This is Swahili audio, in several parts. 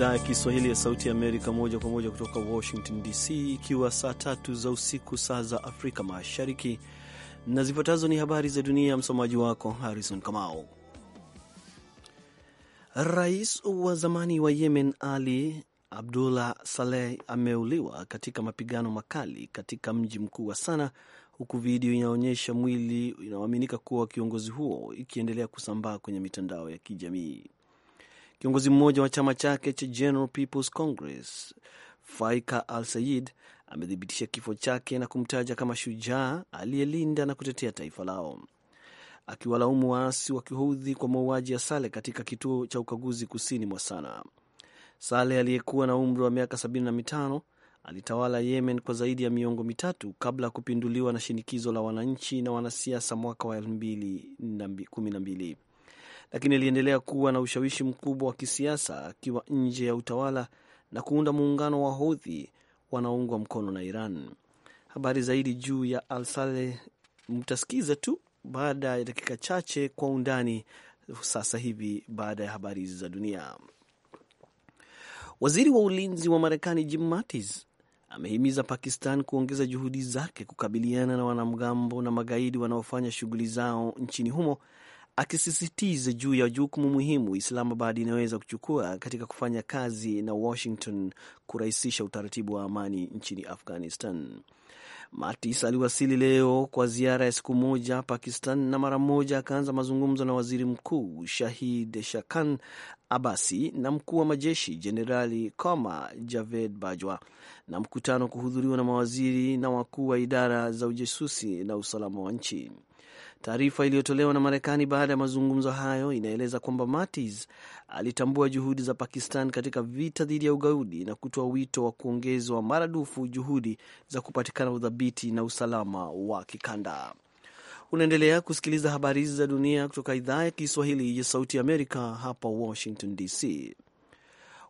idhaa ya Kiswahili ya Sauti ya Amerika, moja kwa moja kutoka Washington DC, ikiwa saa tatu za usiku saa za Afrika Mashariki, na zifuatazo ni habari za dunia. Msomaji wako Harrison Kamao. Rais wa zamani wa Yemen Ali Abdullah Saleh ameuliwa katika mapigano makali katika mji mkuu wa Sana, huku video inaonyesha mwili inaoaminika kuwa kiongozi huo ikiendelea kusambaa kwenye mitandao ya kijamii. Kiongozi mmoja wa chama chake cha General People's Congress Faika Al Sayid amethibitisha kifo chake na kumtaja kama shujaa aliyelinda na kutetea taifa lao, akiwalaumu waasi wa kihudhi kwa mauaji ya sale katika kituo cha ukaguzi kusini mwa Sana. sale aliyekuwa na umri wa miaka 75 alitawala Yemen kwa zaidi ya miongo mitatu kabla ya kupinduliwa na shinikizo la wananchi na wanasiasa mwaka wa 2012 lakini aliendelea kuwa na ushawishi mkubwa wa kisiasa akiwa nje ya utawala na kuunda muungano wa hodhi wanaoungwa mkono na Iran. Habari zaidi juu ya Al-Saleh mtasikiza tu baada ya dakika chache kwa undani sasa hivi baada ya habari hizi za dunia. Waziri wa ulinzi wa Marekani Jim Mattis amehimiza Pakistan kuongeza juhudi zake kukabiliana na wanamgambo na magaidi wanaofanya shughuli zao nchini humo akisisitiza juu ya jukumu muhimu Islamabad inaweza kuchukua katika kufanya kazi na Washington kurahisisha utaratibu wa amani nchini Afghanistan. Mattis aliwasili leo kwa ziara ya siku moja Pakistan na mara moja akaanza mazungumzo na waziri mkuu Shahid Shakan Abasi na mkuu wa majeshi Jenerali Koma Javed Bajwa, na mkutano kuhudhuriwa na mawaziri na wakuu wa idara za ujasusi na usalama wa nchi. Taarifa iliyotolewa na Marekani baada ya mazungumzo hayo inaeleza kwamba Mattis alitambua juhudi za Pakistan katika vita dhidi ya ugaidi na kutoa wito wa kuongezwa maradufu juhudi za kupatikana udhabiti na usalama wa kikanda. Unaendelea kusikiliza habari hizi za dunia kutoka idhaa ya Kiswahili ya Sauti ya Amerika, hapa Washington DC.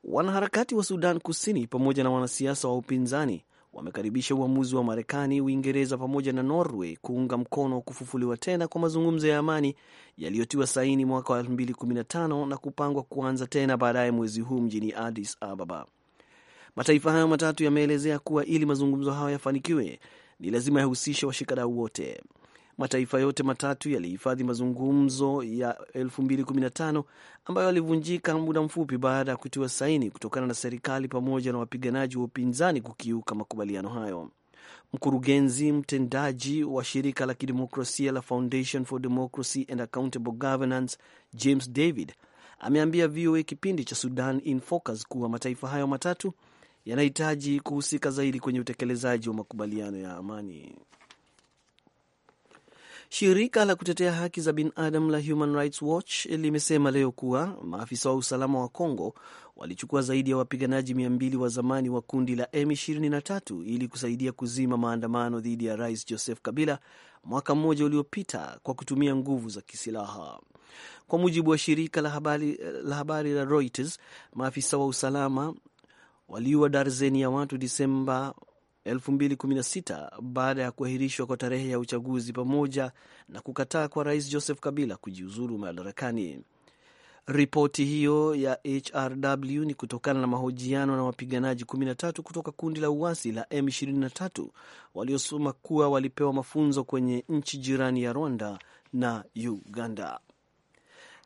Wanaharakati wa Sudan Kusini pamoja na wanasiasa wa upinzani wamekaribisha uamuzi wa Marekani, Uingereza pamoja na Norway kuunga mkono kufufuliwa tena kwa mazungumzo ya amani yaliyotiwa saini mwaka wa 2015 na kupangwa kuanza tena baadaye mwezi huu mjini Addis Ababa. Mataifa hayo matatu yameelezea kuwa ili mazungumzo hayo yafanikiwe, ni lazima yahusishe washikadau wote. Mataifa yote matatu yalihifadhi mazungumzo ya 2015 ambayo yalivunjika muda mfupi baada ya kutiwa saini kutokana na serikali pamoja na wapiganaji wa upinzani kukiuka makubaliano hayo. Mkurugenzi mtendaji wa shirika la kidemokrasia la Foundation for Democracy and Accountable Governance James David ameambia VOA kipindi cha Sudan in Focus kuwa mataifa hayo matatu yanahitaji kuhusika zaidi kwenye utekelezaji wa makubaliano ya amani. Shirika la kutetea haki za binadamu la Human Rights Watch limesema leo kuwa maafisa wa usalama wa congo walichukua zaidi ya wapiganaji 2 wa zamani wa kundi la M23 ili kusaidia kuzima maandamano dhidi ya Rais Joseph Kabila mwaka mmoja uliopita kwa kutumia nguvu za kisilaha. Kwa mujibu wa shirika la habari la habari la Reuters, maafisa wa usalama waliua darzeni ya watu Disemba 2016 baada ya kuahirishwa kwa tarehe ya uchaguzi pamoja na kukataa kwa Rais Joseph Kabila kujiuzulu madarakani. Ripoti hiyo ya HRW ni kutokana na mahojiano na wapiganaji 13 kutoka kundi la uasi la M23 waliosema kuwa walipewa mafunzo kwenye nchi jirani ya Rwanda na Uganda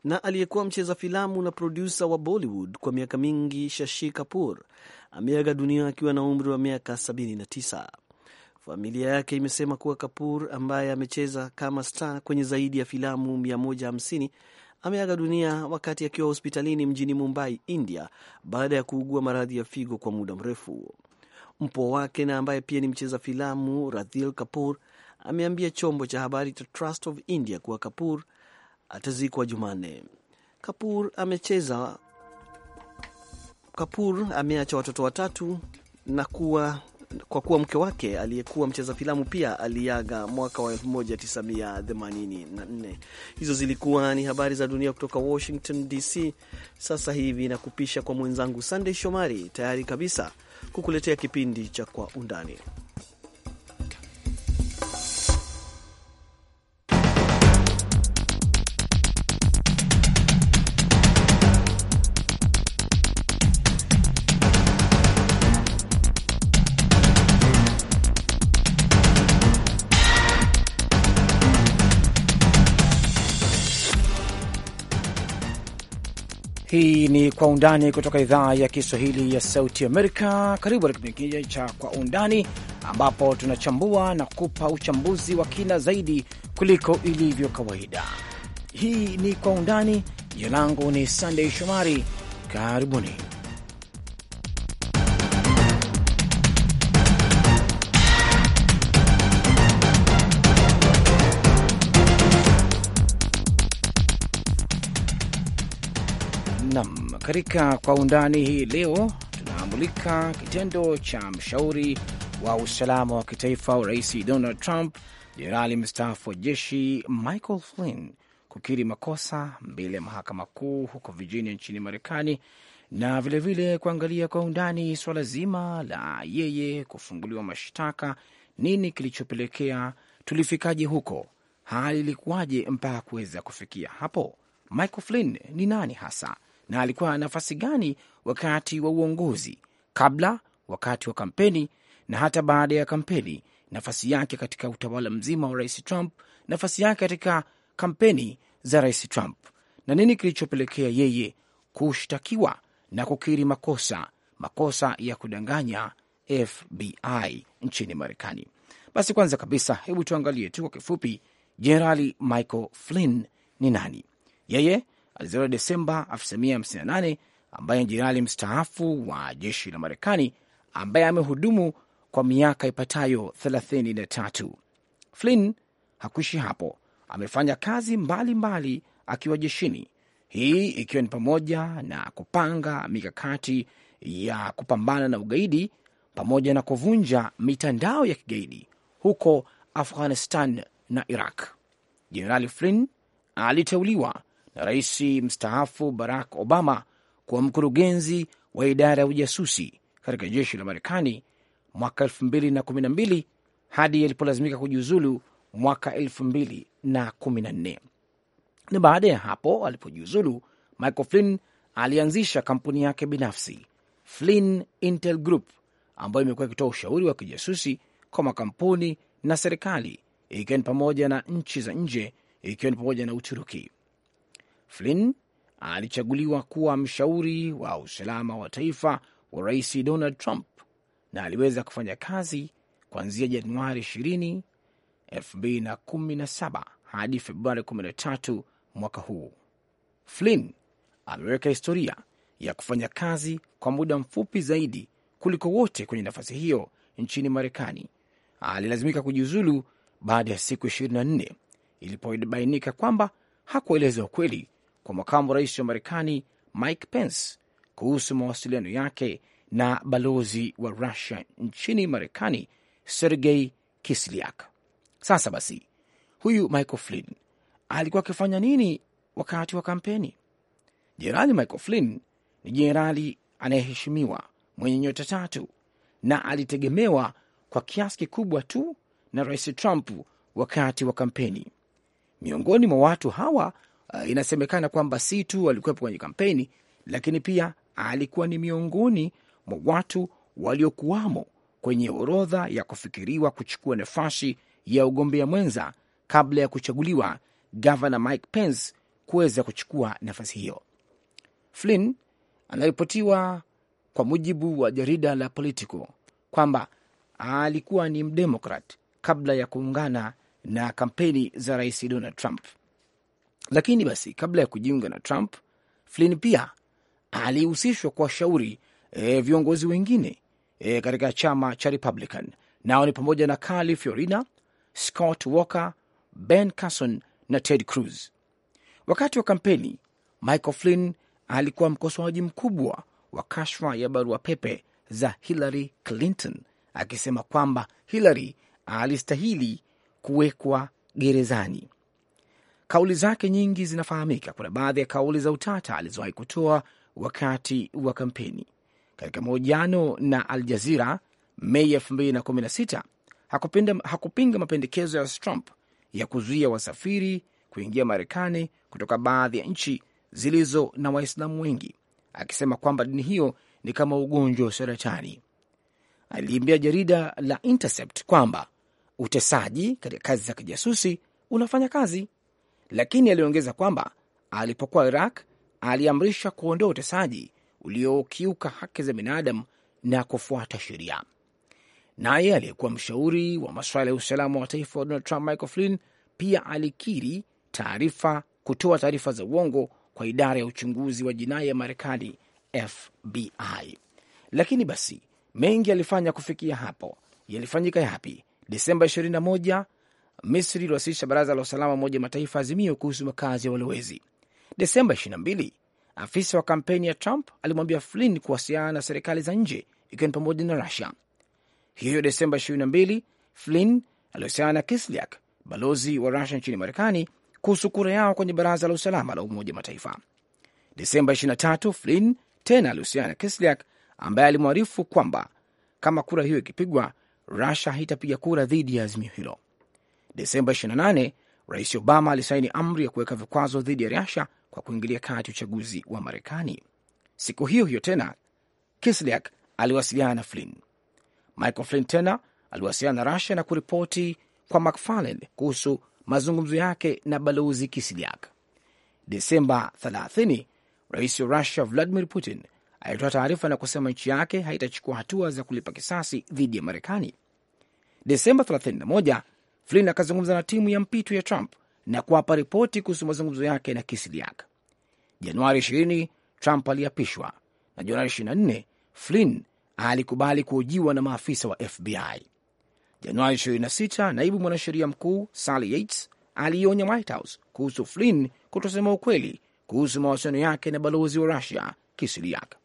na aliyekuwa mcheza filamu na produsa wa Bollywood kwa miaka mingi Shashi Kapoor ameaga dunia akiwa na umri wa miaka 79. Familia yake imesema kuwa Kapoor ambaye amecheza kama star kwenye zaidi ya filamu 150 ameaga dunia wakati akiwa hospitalini mjini Mumbai, India, baada ya kuugua maradhi ya figo kwa muda mrefu. mpo wake na ambaye pia ni mcheza filamu Radhil Kapoor ameambia chombo cha habari cha Trust of India kuwa Kapoor atazikwa Jumanne. Kapur amecheza Kapur ameacha watoto watatu na kuwa kwa kuwa mke wake aliyekuwa mcheza filamu pia aliaga mwaka wa 1984. Hizo zilikuwa ni habari za dunia kutoka Washington DC. Sasa hivi na kupisha kwa mwenzangu Sandey Shomari, tayari kabisa kukuletea kipindi cha Kwa Undani. kwa undani kutoka idhaa ya Kiswahili ya Sauti Amerika. Karibu katika kipindi kingine cha kwa undani, ambapo tunachambua na kupa uchambuzi wa kina zaidi kuliko ilivyo kawaida. Hii ni kwa undani. Jina langu ni Sandey Shomari, karibuni. Katika kwa undani hii leo tunaamulika kitendo cha mshauri wa usalama wa kitaifa wa Rais Donald Trump, jenerali mstaafu wa jeshi Michael Flynn kukiri makosa mbele ya mahakama kuu huko Virginia nchini Marekani, na vilevile vile kuangalia kwa undani suala zima la yeye kufunguliwa mashtaka. Nini kilichopelekea? Tulifikaje huko? Hali ilikuwaje mpaka kuweza kufikia hapo? Michael Flynn ni nani hasa? na alikuwa na nafasi gani wakati wa uongozi, kabla, wakati wa kampeni na hata baada ya kampeni, nafasi yake katika utawala mzima wa rais Trump, nafasi yake katika kampeni za rais Trump na nini kilichopelekea yeye kushtakiwa na kukiri makosa makosa ya kudanganya FBI nchini Marekani. Basi kwanza kabisa, hebu tuangalie tu kwa kifupi, Jenerali Michael Flynn ni nani? Yeye alizaliwa Desemba 1958 ambaye ni jenerali mstaafu wa jeshi la Marekani ambaye amehudumu kwa miaka ipatayo 33. Flynn hakuishi hapo, amefanya kazi mbalimbali mbali akiwa jeshini, hii ikiwa ni pamoja na kupanga mikakati ya kupambana na ugaidi pamoja na kuvunja mitandao ya kigaidi huko Afghanistan na Iraq. Jenerali Flynn aliteuliwa na rais mstaafu Barack Obama kuwa mkurugenzi wa idara ya ujasusi katika jeshi la Marekani mwaka 212 hadi alipolazimika kujiuzulu mwaka 214 Na baada ya hapo alipojiuzulu, Michael Flynn alianzisha kampuni yake binafsi Flynn Intel Group ambayo imekuwa ikitoa ushauri wa kijasusi kwa makampuni na serikali, ikiwa ni pamoja na nchi za nje, ikiwa ni pamoja na Uturuki. Flynn alichaguliwa kuwa mshauri wa usalama wa taifa wa rais Donald Trump na aliweza kufanya kazi kuanzia Januari 20, 2017 hadi Februari 13 mwaka huu. Flynn ameweka historia ya kufanya kazi kwa muda mfupi zaidi kuliko wote kwenye nafasi hiyo nchini Marekani. Alilazimika kujiuzulu baada ya siku 24 ilipobainika kwamba hakueleza ukweli kwa makamu rais wa Marekani Mike Pence kuhusu mawasiliano yake na balozi wa Rusia nchini Marekani Sergei Kisliak. Sasa basi, huyu Michael Flynn alikuwa akifanya nini wakati wa kampeni? Jenerali Michael Flynn ni jenerali anayeheshimiwa mwenye nyota tatu na alitegemewa kwa kiasi kikubwa tu na rais Trump wakati wa kampeni. Miongoni mwa watu hawa uh, inasemekana kwamba si tu alikuwepo kwenye kampeni, lakini pia alikuwa ni miongoni mwa watu waliokuwamo kwenye orodha ya kufikiriwa kuchukua nafasi ya ugombea mwenza kabla ya kuchaguliwa gavana Mike Pence kuweza kuchukua nafasi hiyo. Flynn anaripotiwa kwa mujibu wa jarida la Politico kwamba alikuwa ni mdemokrat kabla ya kuungana na kampeni za rais Donald Trump. Lakini basi kabla ya kujiunga na Trump, Flynn pia alihusishwa kuwashauri e, viongozi wengine e, katika chama cha Republican. Nao ni pamoja na Carly Fiorina, Scott Walker, Ben Carson na Ted Cruz. Wakati wa kampeni, Michael Flynn alikuwa mkosoaji mkubwa wa kashfa ya barua pepe za Hillary Clinton, akisema kwamba Hillary alistahili kuwekwa gerezani. Kauli zake nyingi zinafahamika. Kuna baadhi ya kauli za utata alizowahi kutoa wakati wa kampeni. Katika mahojiano na Al Jazira Mei 2016 hakupinga mapendekezo ya Trump ya kuzuia wasafiri kuingia Marekani kutoka baadhi ya nchi zilizo na Waislamu wengi, akisema kwamba dini hiyo ni kama ugonjwa wa saratani. Aliiambia jarida la Intercept kwamba utesaji katika kazi za kijasusi unafanya kazi lakini aliongeza kwamba alipokuwa Iraq aliamrisha kuondoa utesaji uliokiuka haki za binadamu na kufuata sheria. Naye aliyekuwa mshauri wa masuala ya usalama wa taifa wa Donald Trump, Michael Flynn, pia alikiri taarifa kutoa taarifa za uongo kwa idara ya uchunguzi wa jinai ya Marekani, FBI. Lakini basi mengi yalifanya kufikia hapo. Yalifanyika yapi? Desemba 21 Misri iliwasilisha baraza la usalama Umoja Mataifa azimio kuhusu makazi ya walowezi Desemba 22. Afisa wa kampeni ya Trump alimwambia Flynn kuwasiliana na serikali za nje ikiwa ni pamoja na Rusia. Hiyo hiyo Desemba 22, Flynn aliwasiliana na Kislyak, balozi wa Rusia nchini Marekani, kuhusu kura yao kwenye baraza la usalama la Umoja Mataifa. Desemba 23, Flynn tena alihusiana na Kislyak ambaye alimwarifu kwamba kama kura hiyo ikipigwa, Rusia haitapiga kura dhidi ya azimio hilo. Desemba 28 Rais Obama alisaini amri ya kuweka vikwazo dhidi ya Rasha kwa kuingilia kati uchaguzi wa Marekani. Siku hiyo hiyo tena Kislyak aliwasiliana na Flynn. Michael Flynn tena aliwasiliana na Russia na kuripoti kwa McFarland kuhusu mazungumzo yake na balozi Kislyak. Desemba 30 rais wa Russia Vladimir Putin alitoa taarifa na kusema nchi yake haitachukua hatua za kulipa kisasi dhidi ya Marekani. Desemba 31 Flynn akazungumza na timu ya mpito ya Trump na kuwapa ripoti kuhusu mazungumzo yake na Kisiliak. Januari 20 Trump aliapishwa na Januari 24 Flynn alikubali kuhojiwa na maafisa wa FBI. Januari 26 naibu mwanasheria mkuu Sally Yates aliionya White House kuhusu Flynn kutosema ukweli kuhusu mawasiliano yake na balozi wa Rusia Kisiliak.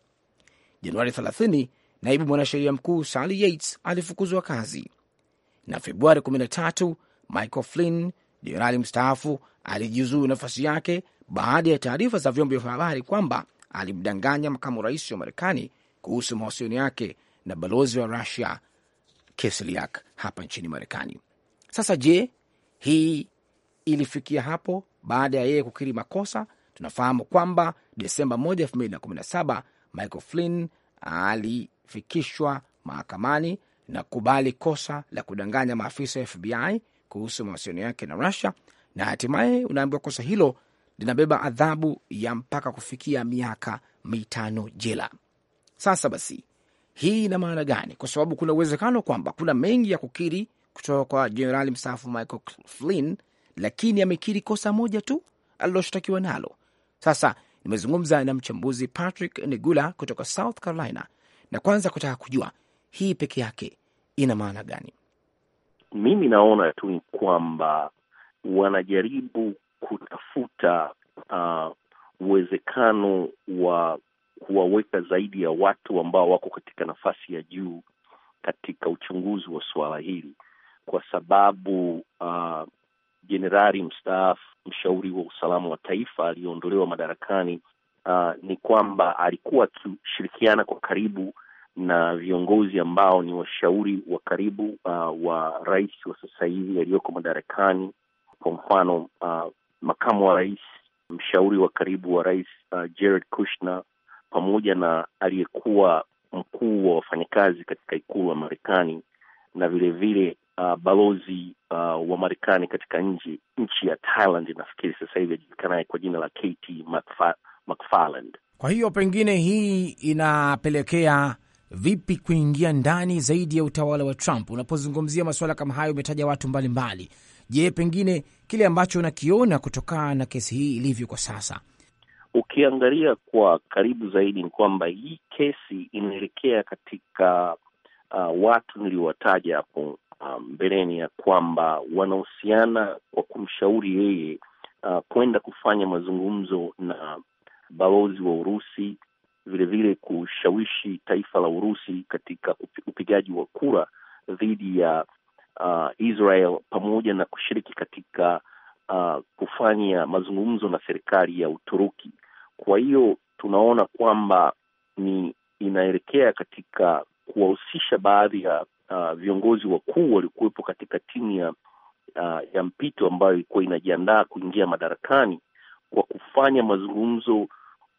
Januari 30 naibu mwanasheria mkuu Sally Yates alifukuzwa kazi na Februari 13 Michael Flynn, jenerali mstaafu, alijiuzuu nafasi yake baada ya taarifa za vyombo vya habari kwamba alimdanganya makamu rais wa Marekani kuhusu mawasiliano yake na balozi wa Rusia Kesliak hapa nchini Marekani. Sasa je, hii ilifikia hapo baada ya yeye kukiri makosa? Tunafahamu kwamba Desemba 1, 2017 Michael Flynn alifikishwa mahakamani na kukubali kosa la kudanganya maafisa wa FBI kuhusu mawasiliano yake na Rusia, na hatimaye unaambiwa kosa hilo linabeba adhabu ya mpaka kufikia miaka mitano jela. Sasa basi, hii ina maana gani? Kwa sababu kuna uwezekano kwamba kuna mengi ya kukiri kutoka kwa jenerali mstaafu Michael Flynn, lakini amekiri kosa moja tu aliloshtakiwa nalo. Sasa nimezungumza na mchambuzi Patrick Nigula kutoka South Carolina, na kwanza kutaka kujua hii peke yake ina maana gani? Mimi naona tu kwamba wanajaribu kutafuta uh, uwezekano wa kuwaweka zaidi ya watu ambao wako katika nafasi ya juu katika uchunguzi wa suala hili, kwa sababu uh, jenerali uh, mstaafu mshauri wa usalama wa taifa aliyeondolewa madarakani uh, ni kwamba alikuwa akishirikiana kwa karibu na viongozi ambao ni washauri wa karibu uh, wa rais wa sasa hivi aliyoko madarakani. Kwa mfano uh, makamu wa rais, mshauri wa karibu wa rais uh, Jared Kushner, pamoja na aliyekuwa mkuu wa wafanyakazi katika ikulu ya Marekani na vilevile uh, balozi uh, wa Marekani katika nji nchi ya Thailand, nafikiri sasa hivi ajulikanaye kwa jina la KT McFarland. Kwa hiyo pengine hii inapelekea vipi kuingia ndani zaidi ya utawala wa Trump. Unapozungumzia masuala kama hayo, umetaja watu mbalimbali. Je, pengine kile ambacho unakiona kutokana na kesi hii ilivyo kwa sasa, ukiangalia kwa karibu zaidi, ni kwamba hii kesi inaelekea katika uh, watu niliowataja hapo um, mbeleni um, ya kwamba wanahusiana kwa kumshauri yeye uh, kwenda kufanya mazungumzo na balozi wa Urusi vilevile kushawishi taifa la Urusi katika upigaji wa kura dhidi ya uh, Israel pamoja na kushiriki katika uh, kufanya mazungumzo na serikali ya Uturuki. Kwa hiyo tunaona kwamba ni inaelekea katika kuwahusisha baadhi ya uh, viongozi wakuu waliokuwepo katika timu ya uh, ya mpito ambayo ilikuwa inajiandaa kuingia madarakani kwa kufanya mazungumzo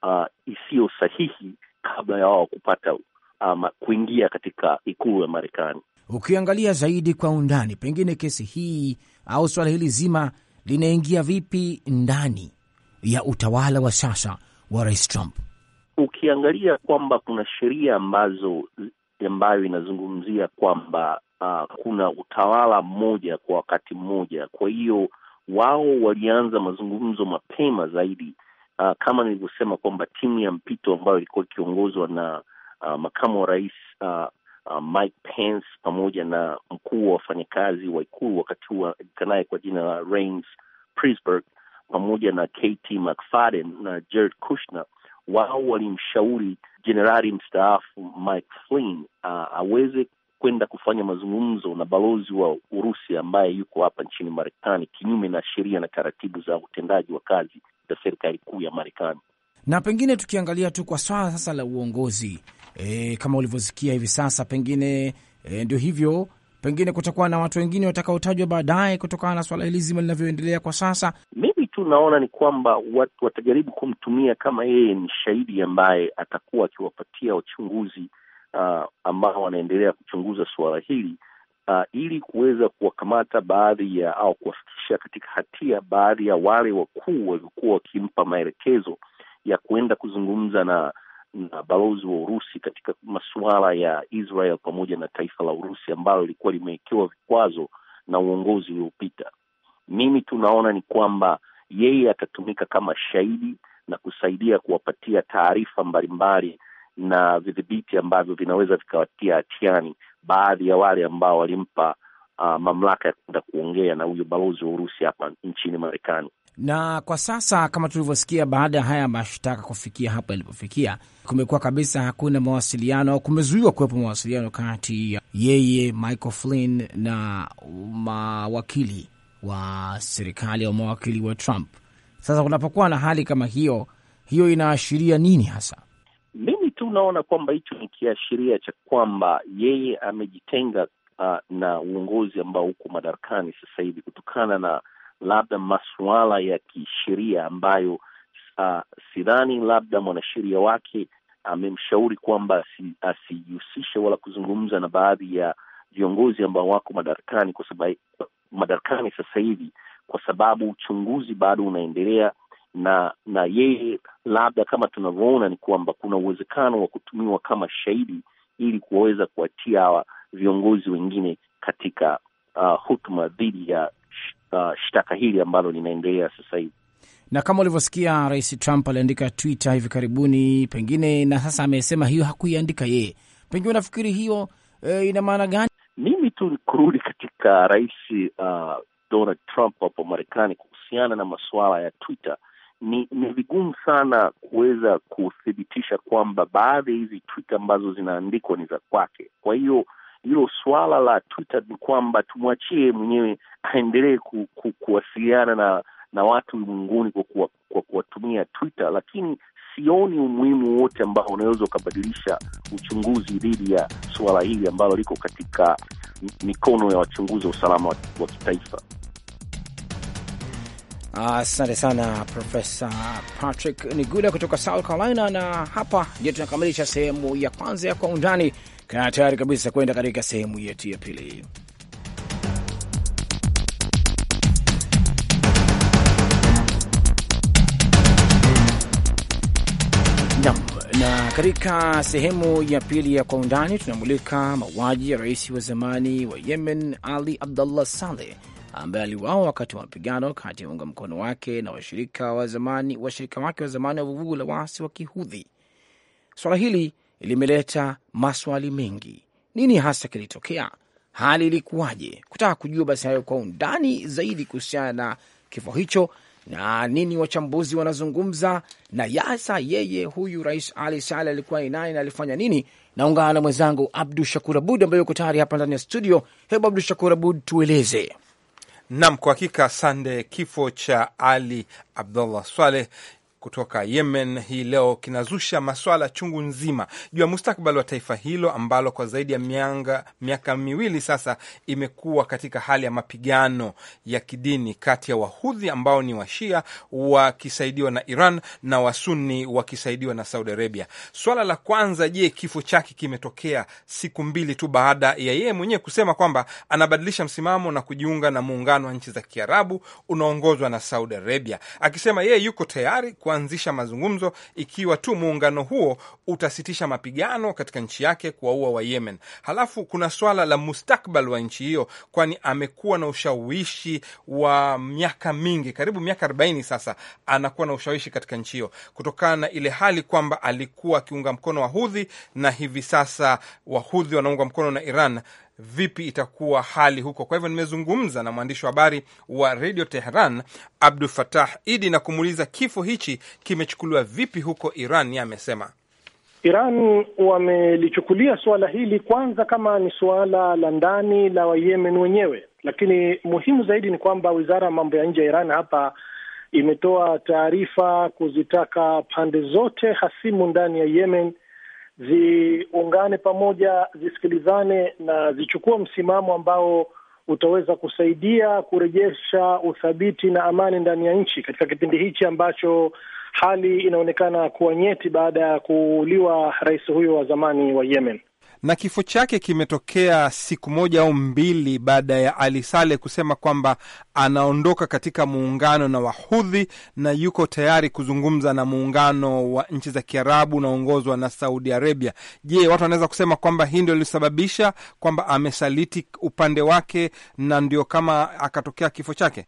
uh, isiyo sahihi kabla ya wao kupata ama kuingia katika ikulu ya Marekani. Ukiangalia zaidi kwa undani, pengine kesi hii au swala hili zima linaingia vipi ndani ya utawala wa sasa wa Rais Trump? Ukiangalia kwamba kuna sheria ambazo ambayo inazungumzia kwamba uh, kuna utawala mmoja kwa wakati mmoja. Kwa hiyo wao walianza mazungumzo mapema zaidi uh, kama nilivyosema kwamba timu ya mpito ambayo ilikuwa ikiongozwa na uh, makamu wa rais uh, uh, Mike Pence pamoja na mkuu wa wafanyakazi wa ikulu wakati huo ajulikanaye kwa jina la Reince Priebus pamoja na KT McFadden na Jared Kushner wao walimshauri jenerali mstaafu Mike Flynn uh, aweze kwenda kufanya mazungumzo na balozi wa Urusi ambaye yuko hapa nchini Marekani kinyume na sheria na taratibu za utendaji wa kazi katika serikali kuu ya Marekani. Na pengine tukiangalia tu kwa swala sasa la uongozi e, kama ulivyosikia hivi sasa, pengine e, ndio hivyo, pengine kutakuwa na watu wengine watakaotajwa baadaye kutokana na swala hili zima linavyoendelea kwa sasa. Mimi tu naona ni kwamba watu watajaribu kumtumia kama yeye ni shahidi ambaye atakuwa akiwapatia wachunguzi uh, ambao wanaendelea kuchunguza suala hili uh, ili kuweza kuwakamata baadhi ya au kuwafikisha katika hatia baadhi ya wale wakuu waliokuwa wakimpa maelekezo ya kuenda kuzungumza na na balozi wa Urusi katika masuala ya Israel pamoja na taifa la Urusi ambalo lilikuwa limewekewa vikwazo na uongozi uliopita. Mimi tunaona ni kwamba yeye atatumika kama shahidi na kusaidia kuwapatia taarifa mbalimbali na vidhibiti ambavyo vinaweza vikawatia hatiani baadhi ya wale ambao walimpa uh, mamlaka ya kwenda kuongea na huyo balozi wa Urusi hapa nchini Marekani. Na kwa sasa kama tulivyosikia, baada ya haya mashtaka kufikia hapa yalipofikia, kumekuwa kabisa hakuna mawasiliano au kumezuiwa kuwepo mawasiliano kati ya yeye Michael Flynn na mawakili wa serikali au mawakili wa Trump. Sasa kunapokuwa na hali kama hiyo, hiyo inaashiria nini hasa? tu unaona kwamba hicho ni kiashiria cha kwamba yeye amejitenga uh, na uongozi ambao uko madarakani sasa hivi kutokana na labda masuala ya kisheria ambayo uh, sidhani labda mwanasheria wake amemshauri uh, kwamba asijihusishe wala kuzungumza na baadhi ya viongozi ambao wako madarakani kwa sababu madarakani sasa hivi, kwa sababu uchunguzi bado unaendelea na na yeye labda kama tunavyoona ni kwamba kuna uwezekano wa kutumiwa kama shahidi ili kuweza kuwatia viongozi wengine katika uh, hutuma dhidi ya uh, shtaka hili ambalo linaendelea sasa hivi. Na kama ulivyosikia, Rais Trump aliandika Twitter hivi karibuni, pengine na sasa amesema hiyo hakuiandika yeye. Pengine unafikiri hiyo e, ina maana gani? Mimi tu kurudi katika Rais uh, Donald Trump hapo Marekani kuhusiana na masuala ya Twitter ni ni vigumu sana kuweza kuthibitisha kwamba baadhi ya hizi twitt ambazo zinaandikwa ni za kwake. Kwa hiyo hilo swala la Twitter ni kwamba tumwachie mwenyewe aendelee ku, ku, kuwasiliana na na watu ulimwenguni kwa kuwatumia Twitter, lakini sioni umuhimu wote ambao unaweza ukabadilisha uchunguzi dhidi ya suala hili ambalo liko katika mikono ya wachunguzi wa usalama wa kitaifa. Asante sana Profesa Patrick Niguda kutoka South Carolina. Na hapa ndio tunakamilisha sehemu ya kwanza ya Kwa Undani, kana tayari kabisa kwenda katika sehemu yetu ya pili. Nam, na katika sehemu ya pili ya Kwa Undani tunamulika mauaji ya rais wa zamani wa Yemen Ali Abdullah Saleh ambaye aliuawa wakati wa mapigano kati ya unga mkono wake na washirika wa zamani, washirika wake wa zamani wa vuguvugu la waasi wa Kihudhi. Swala hili limeleta maswali mengi. Nini hasa kilitokea? Hali ilikuwaje? Kutaka kujua basi hayo kwa undani zaidi kuhusiana na kifo hicho na nini wachambuzi wanazungumza na yasa, yeye huyu Rais Ali Saleh alikuwa ni nani na alifanya nini? Naungana na mwenzangu Abdu Shakur Abud ambaye yuko tayari hapa ndani ya studio. Hebu Abdu Shakur Abud, tueleze. Nam, kwa hakika, sande. Kifo cha Ali Abdullah Swaleh kutoka Yemen hii leo kinazusha maswala chungu nzima juu ya mustakbali wa taifa hilo ambalo kwa zaidi ya mianga, miaka miwili sasa imekuwa katika hali ya mapigano ya kidini kati ya Wahudhi ambao ni Washia wakisaidiwa na Iran na Wasuni wakisaidiwa na Saudi Arabia. Swala la kwanza, je, kifo chake kimetokea siku mbili tu baada ya yeye mwenyewe kusema kwamba anabadilisha msimamo na kujiunga na muungano wa nchi za Kiarabu unaongozwa na Saudi Arabia, akisema yeye yuko tayari kwa kuanzisha mazungumzo ikiwa tu muungano huo utasitisha mapigano katika nchi yake kuwaua wa Yemen. Halafu kuna swala la mustakbal wa nchi hiyo, kwani amekuwa na ushawishi wa miaka mingi, karibu miaka 40 sasa anakuwa na ushawishi katika nchi hiyo, kutokana na ile hali kwamba alikuwa akiunga mkono Wahudhi na hivi sasa Wahudhi wanaungwa mkono na Iran vipi itakuwa hali huko. Kwa hivyo nimezungumza na mwandishi wa habari wa redio Tehran abdu Fatah Idi na kumuuliza kifo hichi kimechukuliwa vipi huko Iran. Yeye amesema Iran wamelichukulia suala hili kwanza kama ni suala la ndani la Wayemen wenyewe, lakini muhimu zaidi ni kwamba wizara ya mambo ya nje ya Iran hapa imetoa taarifa kuzitaka pande zote hasimu ndani ya Yemen ziungane pamoja, zisikilizane na zichukue msimamo ambao utaweza kusaidia kurejesha uthabiti na amani ndani ya nchi katika kipindi hichi ambacho hali inaonekana kuwa nyeti baada ya kuuliwa rais huyo wa zamani wa Yemen na kifo chake kimetokea siku moja au mbili baada ya Ali Saleh kusema kwamba anaondoka katika muungano na Wahudhi na yuko tayari kuzungumza na muungano wa nchi za Kiarabu unaongozwa na Saudi Arabia. Je, watu wanaweza kusema kwamba hii ndio ilisababisha kwamba amesaliti upande wake na ndio kama akatokea kifo chake?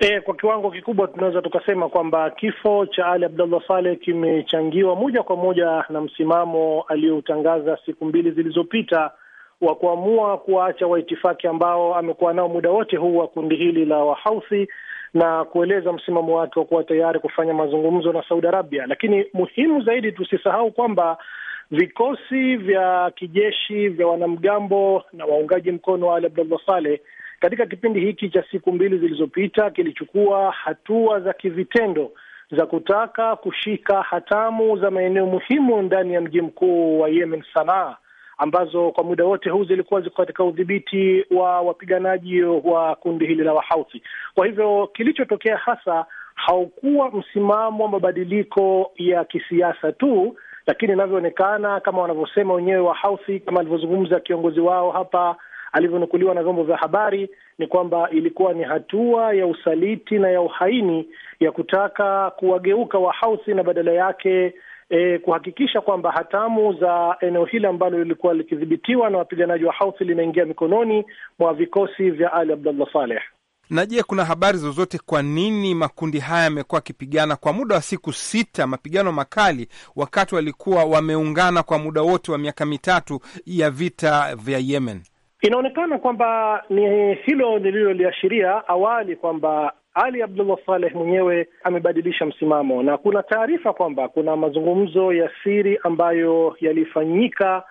E, kwa kiwango kikubwa tunaweza tukasema kwamba kifo cha Ali Abdullah Saleh kimechangiwa moja kwa moja na msimamo aliyoutangaza siku mbili zilizopita wa kuamua kuwaacha waitifaki ambao amekuwa nao muda wote huu wa kundi hili la Wahauthi na kueleza msimamo wake wa kuwa tayari kufanya mazungumzo na Saudi Arabia. Lakini muhimu zaidi, tusisahau kwamba vikosi vya kijeshi vya wanamgambo na waungaji mkono wa Ali Abdullah Saleh katika kipindi hiki cha siku mbili zilizopita kilichukua hatua za kivitendo za kutaka kushika hatamu za maeneo muhimu ndani ya mji mkuu wa Yemen, Sanaa, ambazo kwa muda wote huu zilikuwa ziko katika udhibiti wa wapiganaji wa kundi hili la Wahauthi. Kwa hivyo kilichotokea hasa haukuwa msimamo wa mabadiliko ya kisiasa tu, lakini inavyoonekana, kama wanavyosema wenyewe Wahauthi, kama alivyozungumza kiongozi wao hapa alivyonukuliwa na vyombo vya habari ni kwamba ilikuwa ni hatua ya usaliti na ya uhaini ya kutaka kuwageuka wahausi na badala yake E, kuhakikisha kwamba hatamu za eneo hili ambalo lilikuwa likidhibitiwa na wapiganaji wa Hausi linaingia mikononi mwa vikosi vya Ali Abdullah Saleh. Na je, kuna habari zozote kwa nini makundi haya yamekuwa yakipigana kwa muda wa siku sita, mapigano makali, wakati walikuwa wameungana kwa muda wote wa miaka mitatu ya vita vya Yemen? Inaonekana kwamba ni hilo nililoliashiria awali kwamba Ali Abdullah Saleh mwenyewe amebadilisha msimamo, na kuna taarifa kwamba kuna mazungumzo ya siri ambayo yalifanyika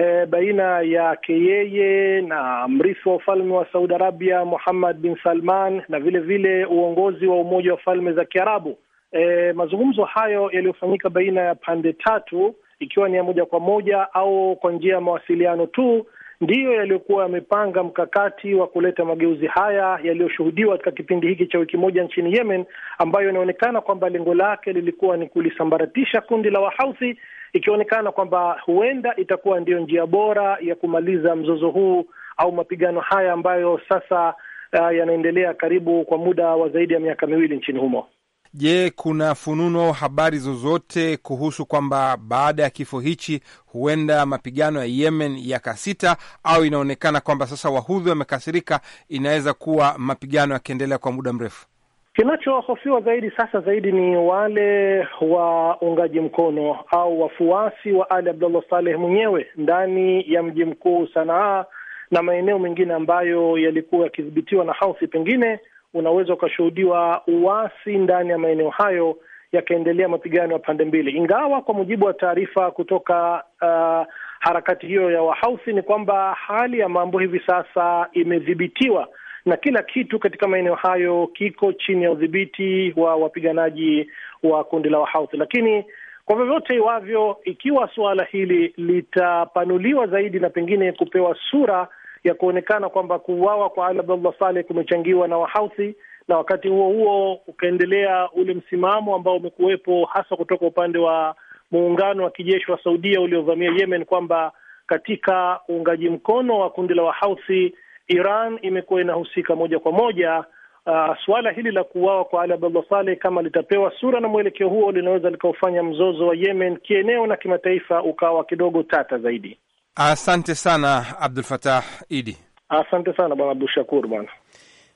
E, baina yake yeye na mrithi wa ufalme wa Saudi Arabia Muhammad bin Salman na vile vile uongozi wa Umoja wa Falme za Kiarabu. E, mazungumzo hayo yaliyofanyika baina ya pande tatu, ikiwa ni ya moja kwa moja au kwa njia ya mawasiliano tu, ndiyo yaliyokuwa yamepanga mkakati wa kuleta mageuzi haya yaliyoshuhudiwa katika kipindi hiki cha wiki moja nchini Yemen, ambayo inaonekana kwamba lengo lake lilikuwa ni kulisambaratisha kundi la Wahauthi, ikionekana kwamba huenda itakuwa ndiyo njia bora ya kumaliza mzozo huu au mapigano haya ambayo sasa uh, yanaendelea karibu kwa muda wa zaidi ya miaka miwili nchini humo. Je, kuna fununu au habari zozote kuhusu kwamba baada ya kifo hichi huenda mapigano ya Yemen yakasita, au inaonekana kwamba sasa wahudhi wamekasirika, inaweza kuwa mapigano yakiendelea kwa muda mrefu? Kinachohofiwa zaidi sasa zaidi ni wale waungaji mkono au wafuasi wa Ali Abdullah Saleh mwenyewe ndani ya mji mkuu Sanaa na maeneo mengine ambayo yalikuwa yakidhibitiwa na hausi pengine unaweza ukashuhudiwa uasi ndani ya maeneo hayo yakaendelea mapigano ya pande mbili, ingawa kwa mujibu wa taarifa kutoka uh, harakati hiyo ya Wahausi ni kwamba hali ya mambo hivi sasa imedhibitiwa na kila kitu katika maeneo hayo kiko chini ya udhibiti wa wapiganaji wa kundi la Wahausi. Lakini kwa vyovyote iwavyo, ikiwa suala hili litapanuliwa zaidi na pengine kupewa sura ya kuonekana kwamba kuuawa kwa Ali Abdullah Saleh kumechangiwa na Wahausi, na wakati huo huo ukaendelea ule msimamo ambao umekuwepo hasa kutoka upande wa muungano wa kijeshi wa Saudia uliovamia Yemen kwamba katika uungaji mkono wa kundi la Wahausi, Iran imekuwa inahusika moja kwa moja. Uh, suala hili la kuuawa kwa Ali Abdullah Saleh kama litapewa sura na mwelekeo huo linaweza likaufanya mzozo wa Yemen kieneo na kimataifa ukawa kidogo tata zaidi. Asante sana Abdul Fatah Idi, asante sana bwana Abdu Shakur bwana.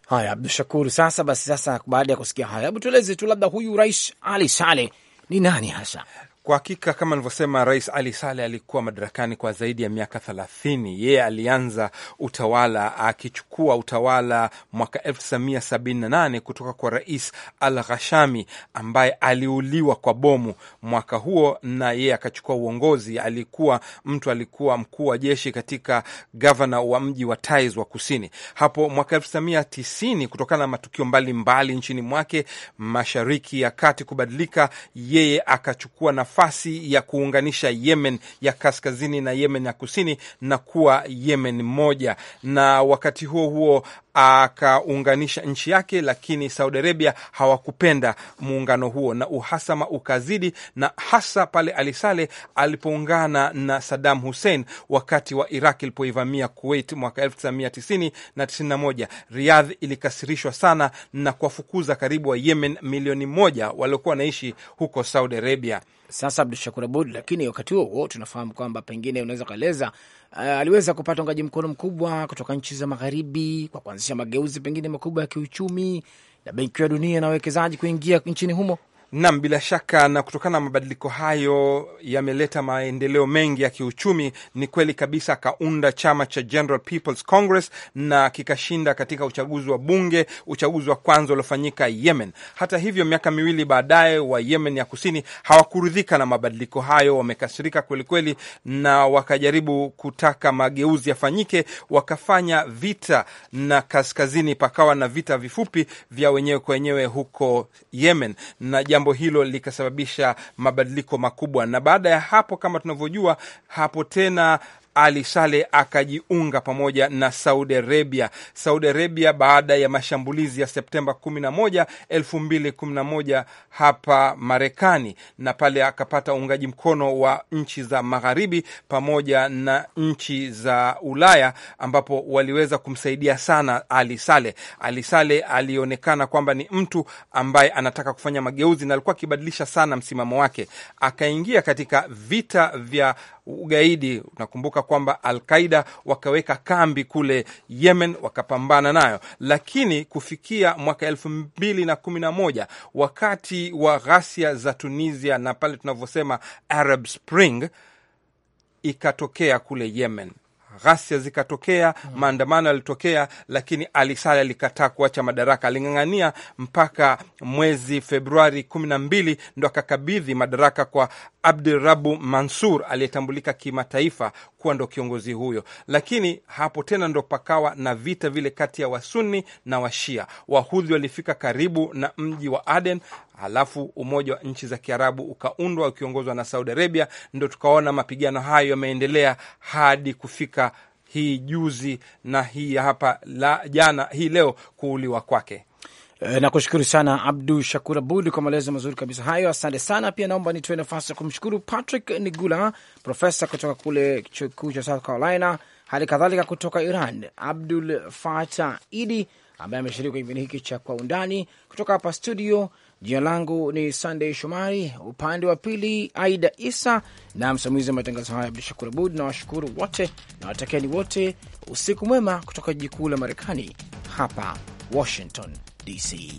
Haya, Abdu Shakur, sasa basi, sasa baada ya kusikia haya, hebu tueleze tu labda huyu Rais Ali Saleh ni nani hasa? Kwa hakika kama alivyosema Rais Ali Saleh alikuwa madarakani kwa zaidi ya miaka thelathini. Yeye alianza utawala akichukua utawala mwaka 1978 kutoka kwa Rais Al Ghashami ambaye aliuliwa kwa bomu mwaka huo, na yeye akachukua uongozi. Alikuwa mtu alikuwa mkuu wa jeshi katika gavana wa mji wa Taiz wa kusini hapo mwaka 1990. Kutokana na matukio mbalimbali mbali nchini mwake, mashariki ya kati kubadilika, yeye akachukua na nafasi ya kuunganisha Yemen ya kaskazini na Yemen ya kusini na kuwa Yemen moja. Na wakati huo huo akaunganisha nchi yake, lakini Saudi Arabia hawakupenda muungano huo na uhasama ukazidi, na hasa pale Ali Saleh alipoungana na Saddam Hussein wakati wa Iraq ilipoivamia Kuwait mwaka 1990 na 91. Riyadh ilikasirishwa sana na kuwafukuza karibu wa Yemen milioni moja waliokuwa wanaishi huko Saudi Arabia. Sasa Abdu Shakur Abud, lakini wakati huo huo tunafahamu kwamba pengine unaweza ukaeleza, uh, eh, aliweza kupata ungaji mkono mkubwa kutoka nchi za magharibi kwa kwanza kuanzisha mageuzi pengine makubwa ya kiuchumi na Benki ya Dunia na wawekezaji kuingia nchini humo? Nam, bila shaka. Na kutokana na mabadiliko hayo yameleta maendeleo mengi ya kiuchumi. Ni kweli kabisa, akaunda chama cha General People's Congress na kikashinda katika uchaguzi wa bunge, uchaguzi wa kwanza uliofanyika Yemen. Hata hivyo, miaka miwili baadaye, wa Yemen ya kusini hawakuridhika na mabadiliko hayo, wamekasirika kwelikweli, na wakajaribu kutaka mageuzi yafanyike, wakafanya vita na kaskazini, pakawa na vita vifupi vya wenyewe kwa wenyewe huko Yemen na jambo hilo likasababisha mabadiliko makubwa. Na baada ya hapo, kama tunavyojua, hapo tena ali Saleh akajiunga pamoja na Saudi Arabia. Saudi Arabia baada ya mashambulizi ya Septemba 11, 2011 hapa Marekani, na pale akapata uungaji mkono wa nchi za magharibi pamoja na nchi za Ulaya, ambapo waliweza kumsaidia sana Ali Saleh. Ali Saleh alionekana kwamba ni mtu ambaye anataka kufanya mageuzi na alikuwa akibadilisha sana msimamo wake. Akaingia katika vita vya ugaidi. Unakumbuka kwamba Alqaida wakaweka kambi kule Yemen wakapambana nayo, lakini kufikia mwaka elfu mbili na kumi na moja wakati wa ghasia za Tunisia na pale tunavyosema Arab Spring ikatokea kule Yemen ghasia zikatokea, mm. maandamano yalitokea, lakini Ali alikataa kuacha madaraka. Aling'ang'ania mpaka mwezi Februari kumi na mbili ndo akakabidhi madaraka kwa Abdurabu Mansur aliyetambulika kimataifa kuwa ndo kiongozi huyo, lakini hapo tena ndo pakawa na vita vile kati ya Wasuni na Washia. Wahudhi walifika karibu na mji wa Aden alafu umoja wa nchi za Kiarabu ukaundwa ukiongozwa na Saudi Arabia, ndo tukaona mapigano hayo yameendelea hadi kufika hii juzi na hii hapa la jana hii leo kuuliwa kwake. E, nakushukuru sana Abdu Shakur Abud kwa maelezo mazuri kabisa hayo, asante sana. Pia naomba nitoe nafasi ya kumshukuru Patrick Nigula, profesa kutoka kule chuo kikuu cha South Carolina, hali kadhalika kutoka Iran, Abdul Fatah Idi ambaye ameshiriki kwa kipindi hiki cha Kwa Undani kutoka hapa studio. Jina langu ni sandey Shomari, upande wa pili Aida Isa na msimamizi wa matangazo haya Abdu Shakur Abud. Na washukuru wote na watakieni wote usiku mwema kutoka jiji kuu la Marekani, hapa Washington DC.